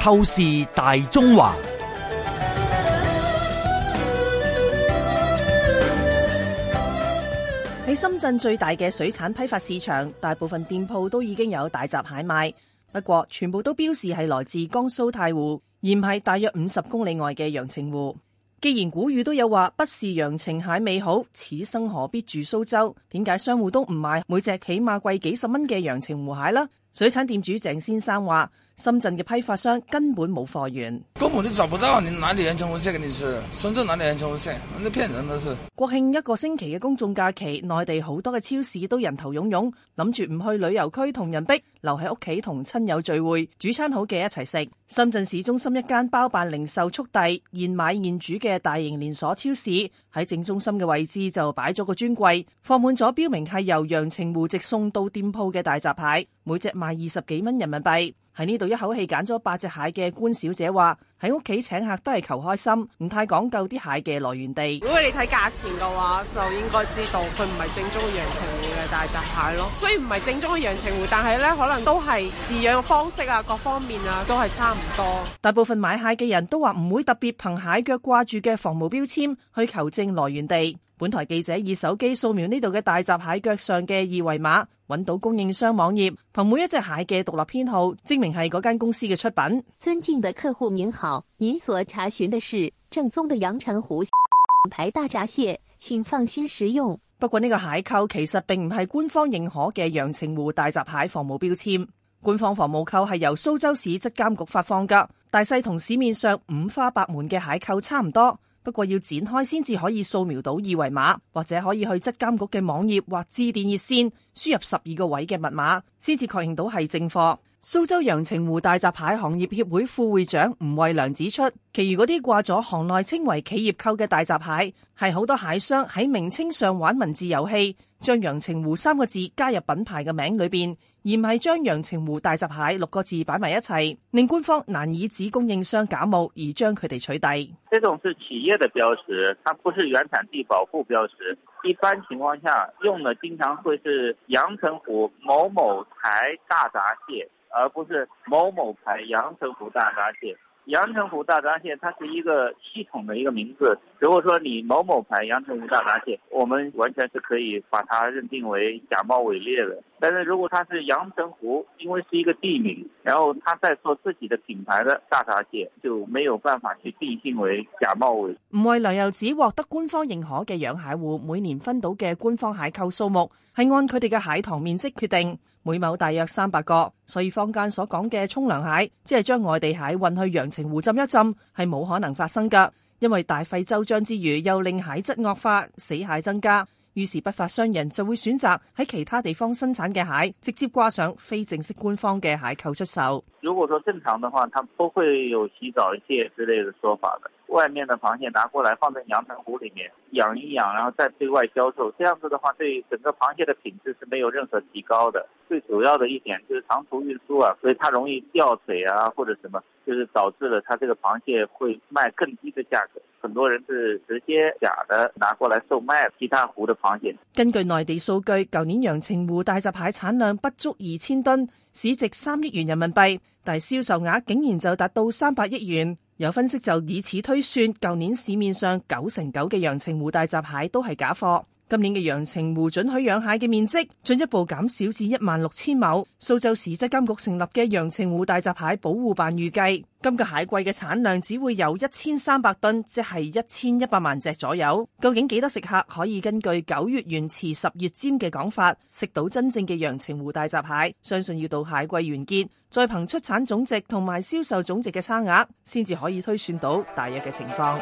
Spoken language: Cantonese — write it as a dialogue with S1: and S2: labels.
S1: 透視大中華。
S2: 喺深圳最大嘅水產批發市場，大部分店鋪都已經有大閘蟹賣，不過全部都標示係來自江蘇太湖，而唔係大約五十公里外嘅陽澄湖。既然古語都有話，不是陽澄蟹未好，此生何必住蘇州？點解商戶都唔買每隻起碼貴幾十蚊嘅陽澄湖蟹呢？水產店主鄭先生話：深圳嘅批發商根本冇貨源，
S1: 根本都找不到。你哪裏有青紅蟹給你食？深圳哪裏有青紅蟹？你騙人！嗰時
S2: 國慶一個星期嘅公眾假期，內地好多嘅超市都人頭湧湧，諗住唔去旅遊區同人逼，留喺屋企同親友聚會，煮餐好嘅一齊食。深圳市中心一間包辦零售速遞現買現煮嘅大型連鎖超市。喺正中心嘅位置就擺咗個專櫃，放滿咗標明係由羊澄戶籍送到店鋪嘅大閘蟹，每隻賣二十幾蚊人民幣。喺呢度一口氣揀咗八隻蟹嘅官小姐話：喺屋企請客都係求開心，唔太講究啲蟹嘅來源地。如果你睇價錢嘅話，就應該知道佢唔係正宗嘅陽澄湖嘅大閘蟹咯。雖然唔係正宗嘅陽澄湖，但係咧可能都係飼養方式啊，各方面啊都係差唔多。大部分買蟹嘅人都話唔會特別憑蟹腳掛住嘅防冒標籤去求證來源地。本台記者以手機掃描呢度嘅大閘蟹腳上嘅二維碼，揾到供應商網頁，憑每一隻蟹嘅獨立編號，證明係嗰間公司嘅出品。尊敬的客戶您好，您所查詢的是正宗的陽澄湖牌大閘蟹，請放心食用。不過呢個蟹扣其實並唔係官方認可嘅陽澄湖大閘蟹防冒標籤，官方防冒扣係由蘇州市質監局發放嘅，大細同市面上五花八門嘅蟹扣差唔多。不過要展開先至可以掃描到二維碼，或者可以去質監局嘅網頁或致電熱線，輸入十二個位嘅密碼，先至確認到係正貨。蘇州陽澄湖大閘蟹行業協會副會長吳惠良指出。其餘嗰啲掛咗行內稱為企業購嘅大閘蟹，係好多蟹商喺名稱上玩文字遊戲，將陽澄湖三個字加入品牌嘅名裏邊，而唔係將陽澄湖大閘蟹六個字擺埋一齊，令官方難以指供應商假冒而將佢哋取締。
S1: 這種是企業的標識，它不是原產地保護標識。一般情況下，用嘅經常會是陽澄湖某某台大閘蟹，而不是某某牌陽澄湖大閘蟹。陽澄湖大閘蟹它是一個系統的一個名字，如果說你某某牌陽澄湖大閘蟹，我們完全是可以把它認定為假冒偽劣的。但是如果它是陽澄湖，因為是一個地名，然後它在做自己的品牌的大閘蟹，就沒有辦法去定性為假冒偽劣。
S2: 唔為糧油只獲得官方認可嘅養蟹戶，每年分到嘅官方蟹扣數目係按佢哋嘅蟹塘面積決定。每畝大約三百個，所以坊間所講嘅沖涼蟹，即係將外地蟹運去陽澄湖浸一浸，係冇可能發生噶，因為大費周章之餘，又令蟹質惡化，死蟹增加。於是不法商人就會選擇喺其他地方生產嘅蟹，直接掛上非正式官方嘅蟹扣出售。
S1: 如果說正常的話，它不會有洗澡蟹之類的說法的。外面的螃蟹拿過來放在陽澄湖裡面養一養，然後再對外銷售，這樣子的話對整個螃蟹的品質是沒有任何提高的。最主要的一點就是長途運輸啊，所以它容易掉水啊或者什麼，就是導致了它這個螃蟹會賣更低的價格。很多人是直接假的拿過來售賣其他湖的螃蟹。
S2: 根據內地數據，舊年陽澄湖大閘蟹，蟹產量不足二千噸，市值三億元人民幣，但銷售額竟然就達到三百億元。有分析就以此推算，舊年市面上九成九嘅陽澄湖大閘蟹，蟹都係假貨。今年嘅陽澄湖准許養蟹嘅面積進一步減少至一萬六千畝。蘇州市質監局成立嘅陽澄湖大閘蟹保護辦預計，今個蟹季嘅產量只會有一千三百噸，即係一千一百萬隻左右。究竟幾多食客可以根據九月圓臍、十月尖嘅講法，食到真正嘅陽澄湖大閘蟹？相信要到蟹季完結，再憑出產總值同埋銷售總值嘅差額，先至可以推算到大約嘅情況。